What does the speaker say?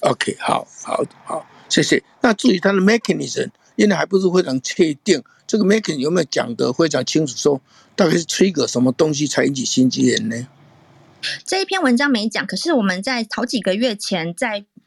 OK，好，好，好，謝謝。那至於它的 mechanism，因為還不是非常確定，這個 mechanism 有沒有講得非常清楚，說大概是 trigger 什麼東西才引起心肌炎呢？這一篇文章沒講，可是我們在好幾個月前在。